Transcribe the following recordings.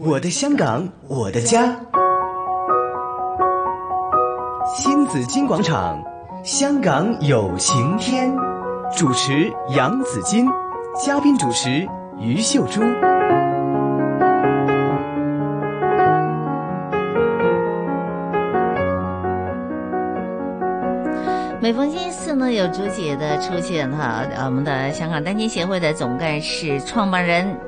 我的香港，我的家。新紫金廣場，香港有情天。主持楊紫金，嘉賓主持余秀珠。每逢星期四呢，有朱姐的出現哈，我們的香港單親協會的總幹事創辦人。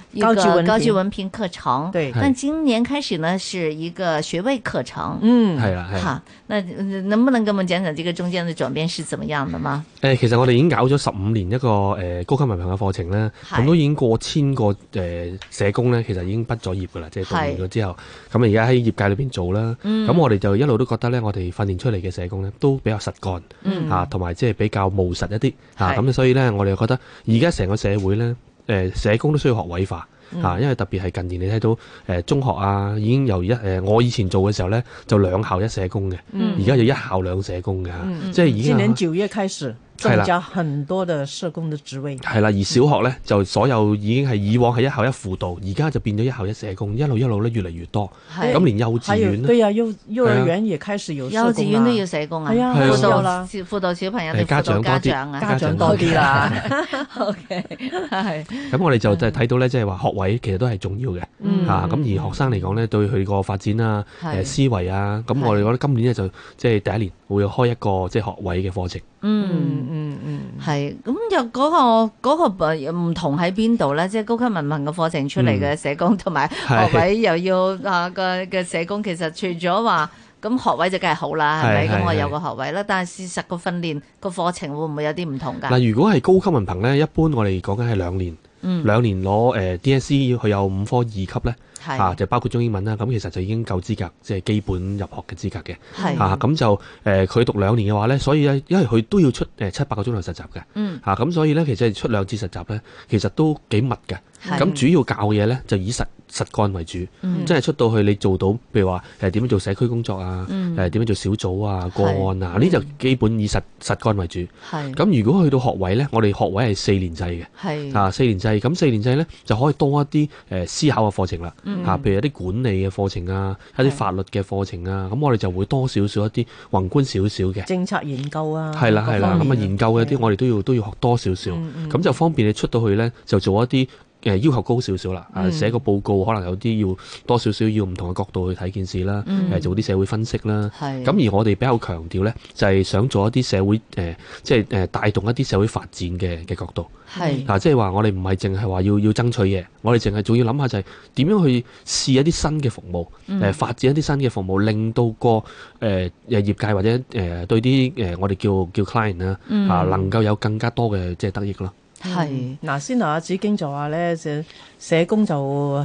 一個高級文憑課程，對，但今年開始呢，是一個學位課程對。嗯，係啦、啊。好、啊啊，那能不能跟我們講講這個中間的轉變是怎麼樣的嗎？誒、嗯欸，其實我哋已經搞咗十五年一個誒、呃、高級文憑嘅課程啦，咁、嗯嗯、都已經過千個誒、呃、社工呢，其實已經畢咗業噶啦，即係讀完咗之後，咁啊而家喺業界裏邊做啦。咁、嗯嗯、我哋就一路都覺得呢，我哋訓練出嚟嘅社工呢，都比較實幹，吓、嗯，同埋即係比較務實一啲，吓、嗯，咁、啊啊、所以呢，我哋又覺得而家成個社會呢。誒社工都需要學位化、啊、因為特別係近年你睇到誒、呃、中學啊，已經由一誒、呃、我以前做嘅時候咧，就兩校一社工嘅，嗯、而家就一校兩社工嘅，即係已經，今年九月開始，.增加很多的社工的職位，係啦，而小學咧就所有已經係以往係一校一輔導，而家就變咗一校一社工，一路一路咧越嚟越多，咁連幼稚園、啊、幼，幼兒園亦開始有社工、啊、幼稚園都要社工啊，輔導啦，輔導小朋友啲家長多、啊、啲，家長多啲啦，OK，咁我哋就就睇到咧，即係話學位其實都係重要嘅，吓咁、 嗯啊、而學生嚟講咧，對佢個發展啊，啊，思維啊，咁我哋覺得今年咧就即係第一年。會開一個即係學位嘅課程，嗯嗯嗯，係咁又嗰個、嗰個唔同喺邊度咧？即係高級文憑嘅課程出嚟嘅社工同埋、嗯、學位又要啊、嗰個嘅社工，其實除咗話咁學位就梗係好啦，係咪咁我有個學位啦？但係事實個訓練個課程會唔會有啲唔同噶？嗱，如果係高級文憑咧，一般我哋講緊係兩年。嗯，兩年攞 DSE 佢有五科二級咧，啊就包括中英文啦，咁其實就已經夠資格即係、就是、基本入學嘅資格嘅，嚇咁、啊、就誒佢、呃、讀兩年嘅話咧，所以咧因為佢都要出七八個鐘頭實習嘅，嗯咁、啊、所以咧其實係出兩次實習咧，其實都幾密嘅，咁主要教嘅嘢咧就以實。實幹為主，嗯、真係出到去你做到，譬如話誒點樣做社區工作啊，誒點樣做小組啊個案啊，呢、嗯、就基本以實實幹為主。係咁，如果去到學位咧，我哋學位係四年制嘅，係啊四年制，咁四年制咧就可以多一啲誒、呃、思考嘅課程啦。吓、嗯啊，譬如一啲管理嘅課程啊，嗯、一啲法律嘅課程啊，咁我哋就會多少少一啲宏觀少少嘅政策研究啊。係啦係啦，咁、那、啊、個、研究一啲我哋都要都要學多少少，咁、嗯、就方便你出到去咧就做一啲。誒要求高少少啦，啊寫個報告、嗯、可能有啲要多少少要唔同嘅角度去睇件事啦、嗯，做啲社會分析啦，咁而我哋比較強調咧，就係想做一啲社會誒，即係誒帶動一啲社會發展嘅嘅角度，啊即係話我哋唔係淨係話要要爭取嘢，我哋淨係仲要諗下就係點樣去試一啲新嘅服務，誒、嗯呃、發展一啲新嘅服務，令到個誒誒、呃、業界或者誒、呃、對啲誒、呃、我哋叫叫 client 啊，嗯、啊能夠有更加多嘅即係得益咯。係嗱，先頭阿紫荊就話咧，社社工就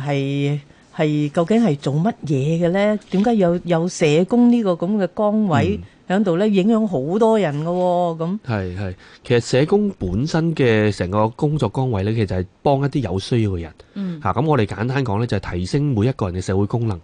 係係究竟係做乜嘢嘅咧？點解有有社工呢個咁嘅崗位喺度咧？影響好多人㗎喎，咁係係其實社工本身嘅成個工作崗位咧，其實就係幫一啲有需要嘅人吓。咁我哋簡單講咧，就係提升每一個人嘅社會功能。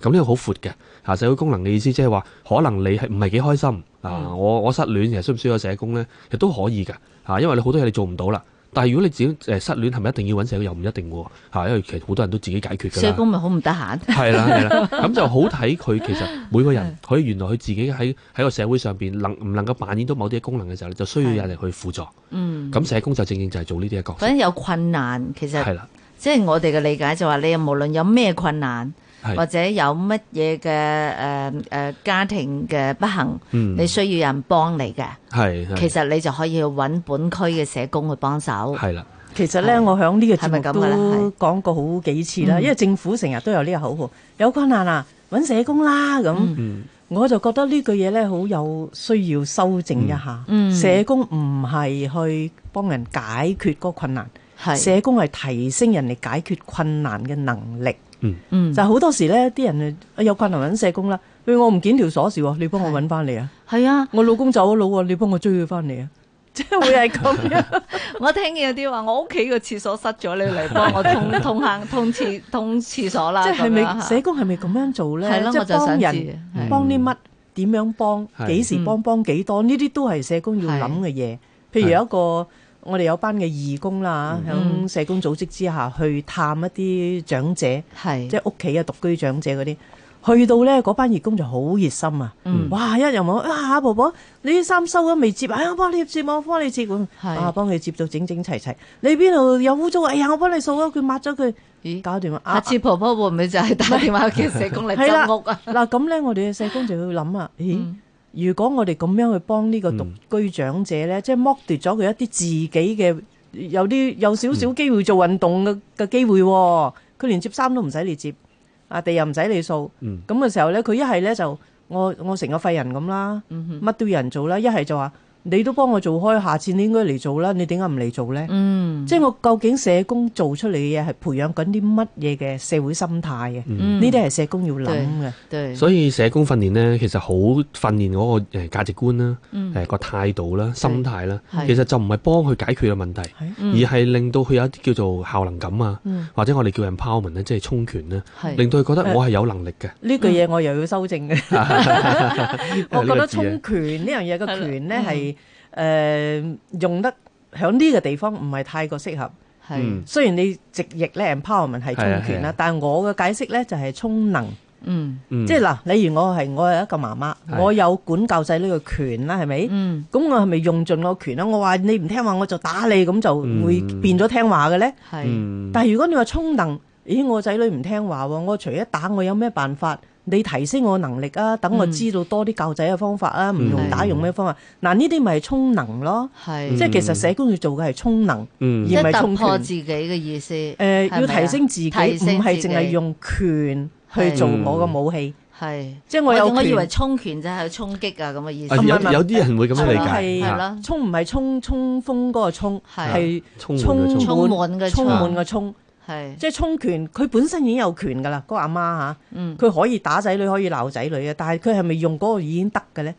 咁呢個好闊嘅吓，社會功能嘅意思即係話，可能你係唔係幾開心啊？我我失戀，其實需唔需要社工咧？其實都可以㗎吓，因為你好多嘢你做唔到啦。但係如果你自己誒失戀，係咪一定要搵社工？又唔一定喎，嚇，因為其實好多人都自己解決㗎啦。社工咪好唔得閒。係啦係啦，咁 就好睇佢其實每個人，佢 原來佢自己喺喺個社會上邊能唔能夠扮演到某啲功能嘅時候，就需要有人去輔助。嗯。咁社工就正正就係做呢啲嘅角色。反正有困難，其實係啦，即係、就是、我哋嘅理解就話，你又無論有咩困難，或者有乜嘢嘅誒誒家庭嘅不幸，你、嗯、需要人幫你嘅，其實你就可以去揾本區嘅社工去幫手。係啦，其實咧，我響呢個節目都講過好幾次啦，因為政府成日都有呢個口號，有困難啊，揾社工啦。咁我就覺得呢句嘢咧，好有需要修正一下。嗯嗯、社工唔係去幫人解決嗰個困難，係社工係提升人哋解決困難嘅能力。嗯，就好多時咧，啲人啊有困難揾社工啦，譬如我唔見條鎖匙，你幫我揾翻嚟啊。係啊，我老公走咗佬，你幫我追佢翻嚟啊。即係會係咁樣，我聽見有啲話，我屋企個廁所塞咗，你嚟幫我通通下通廁通廁所啦。即係咪社工係咪咁樣做咧？係咯，幫人幫啲乜？點樣幫？幾時幫？幫幾多？呢啲都係社工要諗嘅嘢。譬如有一個。我哋有班嘅義工啦，喺社工組織之下去探一啲長者，嗯、即係屋企啊獨居長者嗰啲，去到咧嗰班義工就好熱心啊、嗯！哇，一入門啊，婆婆，你啲衫收咗未接？啊、哎，我幫你接，我幫你接，啊，幫你接到整整齊齊。你邊度有污糟？哎呀，我幫你掃咗佢抹咗佢，咦，搞掂啦、啊！下次婆婆會唔會就係打電話叫社工嚟執屋啊？嗱 是的，咁 咧 我哋嘅社工就要諗啊，咦？嗯如果我哋咁樣去幫呢個獨居長者咧，即係剝奪咗佢一啲自己嘅有啲有少少機會做運動嘅嘅機會，佢連接衫都唔使你接，啊地又唔使你掃，咁嘅時候咧，佢一係咧就我我成個廢人咁啦，乜都有人做啦，一係就話。你都幫我做開，下次你應該嚟做啦。你點解唔嚟做咧？嗯，即係我究竟社工做出嚟嘅嘢係培養緊啲乜嘢嘅社會心態嘅？嗯，呢啲係社工要諗嘅。對，所以社工訓練咧，其實好訓練嗰個誒價值觀啦，誒個態度啦、心態啦。其實就唔係幫佢解決嘅問題，而係令到佢有一啲叫做效能感啊，或者我哋叫 empowerment 咧，即係充權咧，令到佢覺得我係有能力嘅。呢句嘢我又要修正嘅，我覺得充權呢個字，呢樣嘢個權咧係。誒、呃、用得喺呢個地方唔係太過適合。係，雖然你直譯咧、嗯、empowerment 係充權啦，但係我嘅解釋咧就係充能是。嗯，即係嗱，例如我係我係一個媽媽，我有管教仔女嘅權啦，係咪？嗯，咁我係咪用盡我權啦？我話你唔聽話我就打你，咁就會變咗聽話嘅咧。係，但係如果你話充能，咦我仔女唔聽話喎，我除咗打我有咩辦法？你提升我能力啊，等我知道多啲教仔嘅方法啊，唔、嗯、用打用咩方法？嗱呢啲咪係充能咯，即係其實社工要做嘅係充能，嗯、而唔係充權。即係突破自己嘅意思、呃。要提升自己，唔係淨係用權去做我嘅武器。係、嗯，即係我我以，以為充權就係衝擊啊咁嘅意思。啊、有啲人會咁樣理解。係咯，充唔係充，衝鋒嗰個充係充，充，充，充滿嘅充。充是即係充權，佢本身已經有權噶啦，嗰個阿媽吓，佢、嗯、可以打仔女，可以鬧仔女嘅，但係佢係咪用嗰個已經得嘅呢？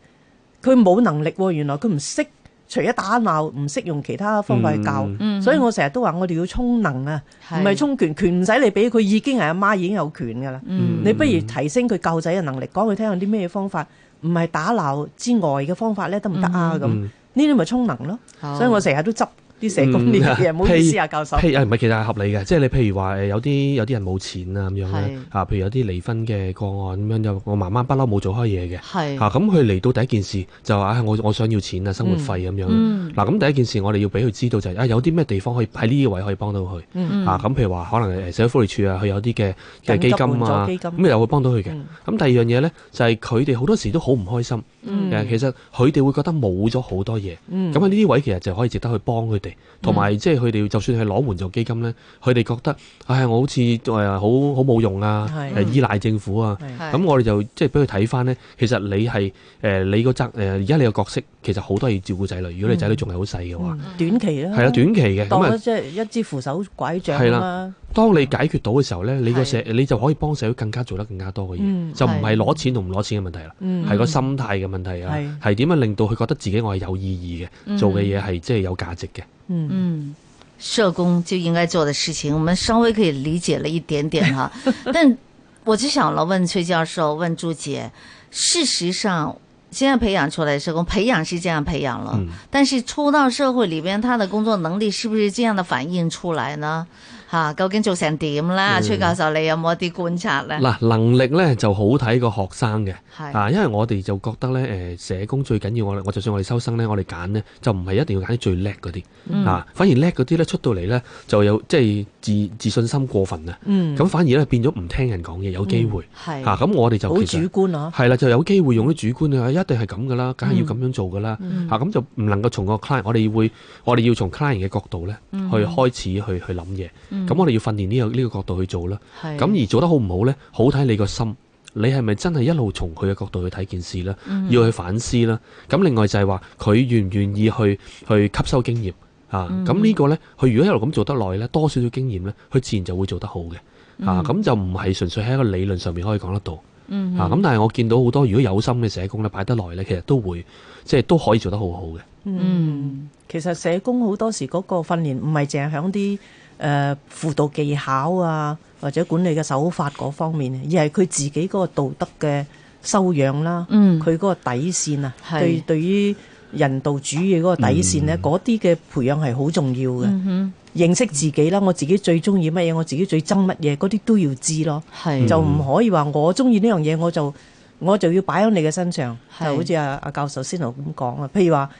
佢冇能力、啊，原來佢唔識除咗打鬧，唔識用其他方法去教，嗯、所以我成日都話我哋要充能啊，唔係充權。權唔使你俾，佢已經係阿媽已經有權噶啦、嗯，你不如提升佢教仔嘅能力，講佢聽下啲咩方法，唔係打鬧之外嘅方法呢，得唔得啊？咁呢啲咪充能咯，所以我成日都執。啲社工啲嘢，唔、嗯、好意思啊，教授。唔係，其實係合理嘅，即係你譬如話有啲有啲人冇錢啊，咁樣啊，譬如有啲離婚嘅個案咁樣，又我媽媽不嬲冇做開嘢嘅，咁佢嚟到第一件事就話啊，我我想要錢啊、嗯，生活費咁樣。嗱、嗯、咁第一件事我哋要俾佢知道就係啊，有啲咩地方可以喺呢個位可以幫到佢啊。咁、嗯、譬如話可能社會福利署啊，佢有啲嘅基金啊，咁又會幫到佢嘅。咁、嗯、第二樣嘢咧就係佢哋好多時都好唔開心。嗯、其實佢哋會覺得冇咗好多嘢，咁喺呢啲位其實就可以值得去幫佢哋，同埋即係佢哋就算係攞援助基金咧，佢哋覺得，唉、哎，我好似好好冇用啊，係依賴政府啊，咁我哋就即係俾佢睇翻咧，其實你係誒你個責而家你個角色其實好多係照顧仔女，如果你仔女仲係好細嘅話，短期啦，係啊短期嘅，當咗即係一支扶手拐杖係啦。當你解決到嘅時候呢，你個社你就可以幫社會更加做得更加多嘅嘢，就唔係攞錢同唔攞錢嘅問題啦，係個心態嘅問題啊，係點樣令到佢覺得自己我係有意義嘅，做嘅嘢係即係有價值嘅。嗯嗯，社工就應該做嘅事情，我們稍微可以理解了一點點哈，哎、 但我就想咁問崔教授，問朱姐，事實上，現在培養出來社工培養是這樣培養了，嗯、但是出到社會裏邊，他的工作能力是不是這樣的反映出來呢？吓、啊，究竟做成點咧？崔、嗯、教授，你有冇一啲觀察咧？嗱，能力咧就好睇個學生嘅，啊，因為我哋就覺得咧，誒社工最緊要我哋，我就算我哋收生咧，我哋揀呢，就唔係一定要揀啲最叻嗰啲，啊，反而叻嗰啲咧出到嚟咧就有即係、就是、自自信心過分啊，咁、嗯、反而咧變咗唔聽人講嘢，有機會，嚇、嗯、咁、啊、我哋就其實、好主觀咯，係啦，就有機會用啲主觀嘅，一定係咁噶啦，梗係要咁樣做噶啦，嚇、嗯、咁、嗯啊、就唔能夠從個 client，我哋會我哋要從 client 嘅角度咧去開始去、嗯、去諗嘢。咁我哋要訓練呢個呢個角度去做啦。咁而做得好唔好呢？好睇你個心，你係咪真係一路從佢嘅角度去睇件事啦、嗯、要去反思啦。咁另外就係話佢願唔願意去去吸收經驗、嗯、啊。咁呢個呢，佢如果一路咁做得耐呢，多少少經驗呢，佢自然就會做得好嘅、嗯。啊，咁就唔係純粹喺一個理論上面可以講得到。嗯、啊，咁但係我見到好多如果有心嘅社工咧，擺得耐呢，其實都會即係都可以做得好好嘅。嗯，其實社工好多時嗰個訓練唔係淨係喺啲。誒、呃、輔導技巧啊，或者管理嘅手法嗰方面，而係佢自己嗰個道德嘅修養啦，佢、嗯、嗰個底線啊，對對於人道主義嗰個底線咧，嗰啲嘅培養係好重要嘅、嗯。認識自己啦，我自己最中意乜嘢，我自己最憎乜嘢，嗰啲都要知咯。係就唔可以話我中意呢樣嘢，我就我就要擺喺你嘅身上。係，就好似阿阿教授先頭咁講啊，譬如話。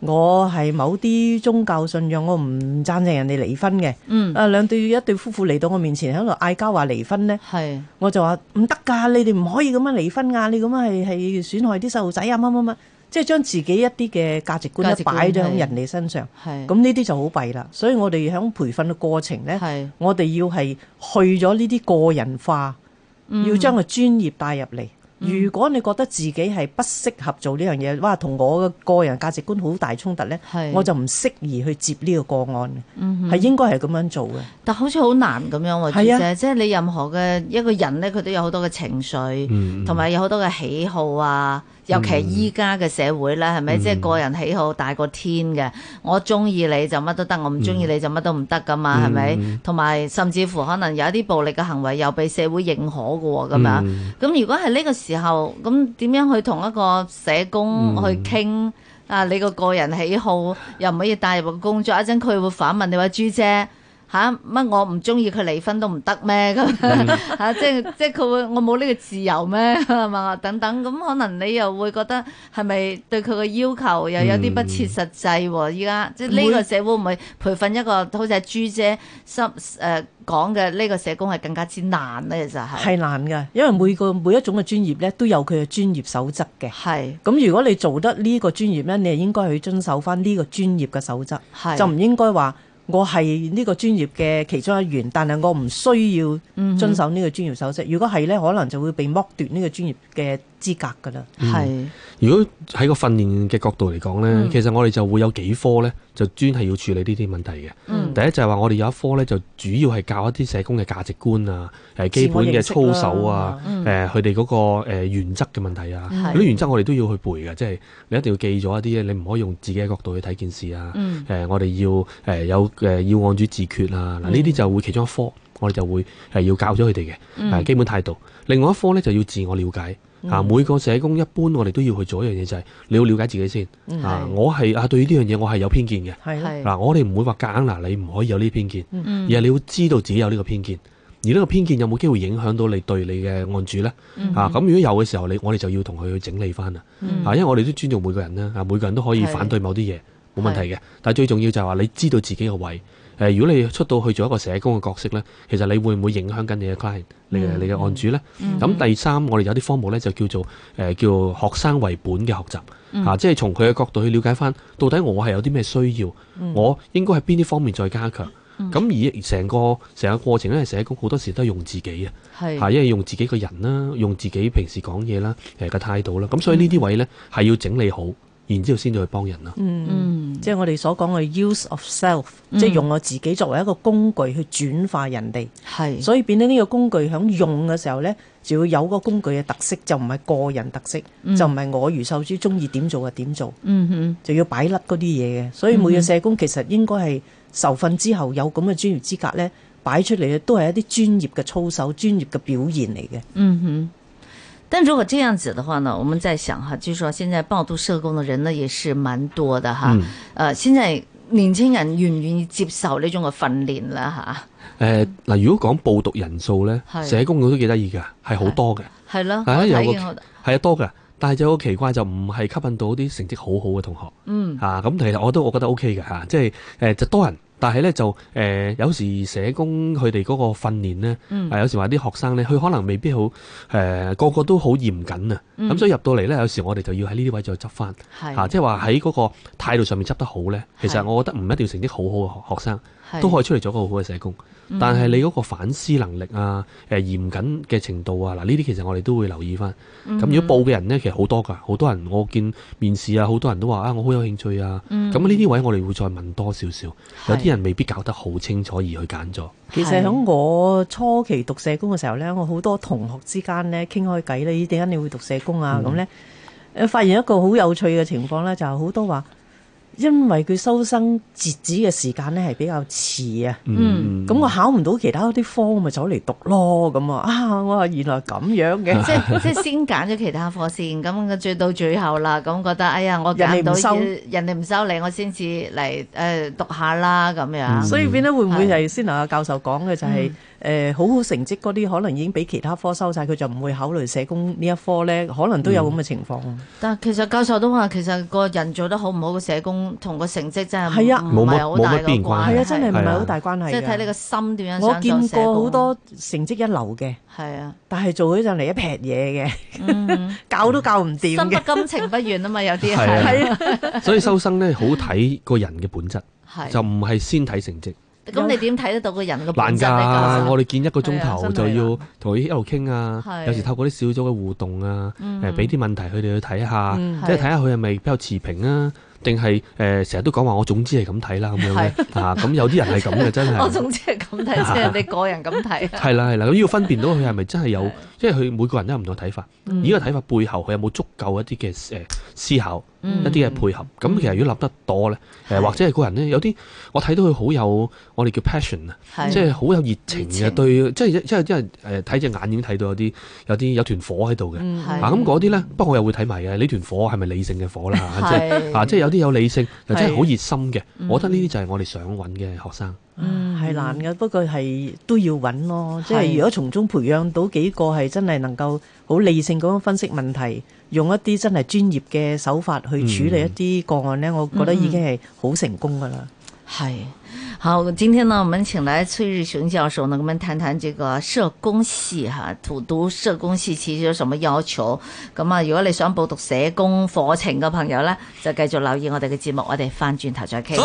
我係某啲宗教信仰，我唔贊成人哋離婚嘅。嗯，啊，兩對一對夫婦嚟到我面前喺度嗌交話離婚咧，係我就話唔得噶，你哋唔可以咁樣離婚啊！你咁樣係係損害啲細路仔啊，乜乜乜，即係將自己一啲嘅價值觀，價值觀一擺咗喺人哋身上，係，咁呢啲就好弊啦。所以我哋響培訓嘅過程咧，係我哋要係去咗呢啲個人化，要將個專業帶入嚟。嗯如果你覺得自己係不適合做呢樣嘢，哇，同我嘅個人價值觀好大衝突呢，我就唔適宜去接呢個個案，係、嗯、應該係咁樣做嘅。但好似好難咁樣喎、啊，即係你任何嘅一個人呢，佢都有好多嘅情緒，同、嗯、埋有好多嘅喜好啊。尤其依家嘅社會咧，係咪、嗯？即係個人喜好大過天嘅，我中意你就乜都得，我唔中意你就乜都唔得噶嘛，係、嗯、咪？同埋甚至乎可能有一啲暴力嘅行為又被社會認可嘅喎，咁樣。咁如果係呢個時候，咁點樣去同一個社工去傾、嗯、啊？你個個人喜好又唔可以帶入個工作，一陣佢會反問你話朱姐。吓、啊、乜我唔中意佢離婚都唔得咩咁吓？即係即係佢會我冇呢個自由咩？係 嘛等等咁，可能你又會覺得係咪對佢嘅要求又有啲不切實際？依、嗯、家即係呢個社會唔係培訓一個一好似阿朱姐十誒講嘅呢個社工係更加之難咧，其實係係難嘅，因為每個每一種嘅專業咧都有佢嘅專業守則嘅。係咁，如果你做得呢個專業咧，你係應該去遵守翻呢個專業嘅守則，就唔應該話。我係呢個專業嘅其中一員，但係我唔需要遵守呢個專業守則。如果係呢，可能就會被剝奪呢個專業嘅資格噶啦，係、嗯、如果喺個訓練嘅角度嚟講咧，其實我哋就會有幾科咧，就專係要處理呢啲問題嘅、嗯。第一就係話我哋有一科咧，就主要係教一啲社工嘅價值觀啊，誒，基本嘅操守啊，誒、嗯，佢哋嗰個誒原則嘅問題啊，嗰、嗯、啲原則我哋都要去背嘅，即係、就是、你一定要記咗一啲你唔可以用自己嘅角度去睇件事啊。誒、嗯，我哋要誒有誒要案主自決啊。嗱呢啲就會其中一科，我哋就會係要教咗佢哋嘅基本態度。另外一科咧就要自我了解。啊、嗯！每個社工一般，我哋都要去做一樣嘢、就係，就係你要了解自己先。是啊，我係啊，對於呢樣嘢我係有偏見嘅。係嗱、啊，我哋唔會話夾硬嗱，你唔可以有呢偏見。嗯、而係你要知道自己有呢個偏見，而呢個偏見有冇機會影響到你對你嘅案主呢、嗯？啊，咁如果有嘅時候，你我哋就要同佢去整理翻啦。嗯、啊。因為我哋都尊重每個人啦。啊，每個人都可以反對某啲嘢，冇問題嘅。但係最重要就係話，你知道自己嘅位置。如果你出到去做一個社工嘅角色咧，其實你會唔會影響緊你嘅 client，你嘅你嘅案主咧？咁、嗯嗯、第三，我哋有啲科目咧就叫做、呃、叫學生為本嘅學習嚇，即、嗯、係、啊就是、從佢嘅角度去了解翻，到底我係有啲咩需要、嗯，我應該喺邊啲方面再加強。咁、嗯、而成個成個過程咧，社工好多時都係用自己啊，因為用自己個人啦，用自己平時講嘢啦，誒、呃、嘅態度啦。咁、啊、所以這些位呢啲位咧係要整理好。然之後先至去幫人咯，嗯，即係我哋所講嘅 use of self，嗯，即係用我自己作為一個工具去轉化人哋，係，所以變得呢個工具響用嘅時候呢，就要有個工具嘅特色，就唔係個人特色，嗯，就唔係我余秀珠中意點做就點做，嗯哼，就要擺甩嗰啲嘢嘅，所以每個社工其實應該係受訓之後有咁嘅專業資格呢，擺出嚟嘅都係一啲專業嘅操守、專業嘅表現嚟嘅，嗯哼。但如果這樣子的話呢，我們在想哈，就說現在報讀社工的人呢也是蠻多的哈。嗯、呃，現在年輕人願意接受呢種嘅訓練啦吓。誒、呃，嗱、呃，如果講報讀人數呢，社工也都幾得意噶，係好多嘅。係咯，係啊，是的是多噶，但係就好奇怪、嗯、就唔係吸引到啲成績好好嘅同學。嗯。咁其實我都我覺得 OK 嘅吓、啊，即係誒、呃、就多人。但係咧就誒、呃、有時社工佢哋嗰個訓練咧、嗯啊，有時話啲學生咧，佢可能未必好誒、呃、個個都好嚴謹啊。咁、嗯、所以入到嚟咧，有時我哋就要喺呢啲位再執翻係、吓，即係話喺嗰個態度上面執得好咧。其實我覺得唔一定要成績好好嘅學學生。都可以出嚟做一個好好嘅社工，嗯、但係你嗰個反思能力啊、誒、呃、嚴謹嘅程度啊，嗱呢啲其實我哋都會留意翻。咁、嗯、如果報嘅人呢，其實好多㗎，好多人我見面試啊，好多人都話啊，我好有興趣啊。咁呢啲位我哋會再問多少少、嗯，有啲人未必搞得好清楚而去揀咗。其實喺我初期讀社工嘅時候呢，我好多同學之間呢傾開偈呢，點解你會讀社工啊？咁、嗯、呢誒發現一個好有趣嘅情況呢，就好、是、多話。因為佢收生截止嘅時間咧係比較遲啊，咁、嗯、我考唔到其他啲科，咪走嚟讀咯咁啊！啊，我話原來咁樣嘅，即 即先揀咗其他科先，咁再到最後啦，咁覺得哎呀，我揀到人哋唔收，人哋唔收你，我先至嚟誒讀一下啦咁樣、嗯。所以變得會唔會係、就是、先？阿教授講嘅就係、是、誒、嗯呃、好好成績嗰啲，可能已經畀其他科收晒，佢就唔會考慮社工呢一科呢，可能都有咁嘅情況、嗯。但其實教授都話，其實個人做得好唔好嘅社工。同個成績真係唔係好大個關，係啊，真係唔係好大關係。即係睇你個心點樣。我見過好多成績一流嘅，係啊，但係做起上嚟，一撇嘢嘅，教都教唔掂。心不甘，情不願啊嘛，有啲係啊。所以收生咧，好睇個人嘅本質，就唔係先睇成績。咁你點睇得到個人嘅本質？難噶，我哋見一個鐘頭就要同佢一路傾啊，有時透過啲小組嘅互動啊，誒，俾啲問題佢哋去睇下，即係睇下佢係咪比較持平啊。定係誒，成日都講話我總之係咁睇啦咁樣嘅。啊咁有啲人係咁嘅真係， 我總之係咁睇，即係、啊、你個人咁睇。係啦係啦，咁要分辨到佢係咪真係有，即係佢每個人都有唔同睇法。而個睇法背後佢有冇足夠一啲嘅誒思考，嗯、一啲嘅配合。咁其實如果立得多咧，誒、嗯、呃、或者係個人咧有啲，我睇到佢好有我哋叫 passion 啊，即係好有熱情嘅，對，即係即係即係誒睇隻眼已經睇到有啲有啲有團火喺度嘅。啊咁嗰啲咧，不過我又會睇埋嘅，呢團火係咪理性嘅火啦，啊？即係即係有啲。啊 有理性，又真係好熱心嘅、嗯，我覺得呢啲就係我哋想揾嘅學生。嗯，係難嘅，不過係都要揾咯。即係如果從中培養到幾個係真係能夠好理性咁樣分析問題，用一啲真係專業嘅手法去處理一啲個案呢、嗯，我覺得已經係好成功㗎喇。係。好，今天呢，我們請來崔日雄教授，呢，同我們談談這個社工系，哈，讀讀社工系其實有什麼要求？咁啊，如果你想報讀社工課程嘅朋友呢，就繼續留意我哋嘅節目，我哋翻轉頭再傾。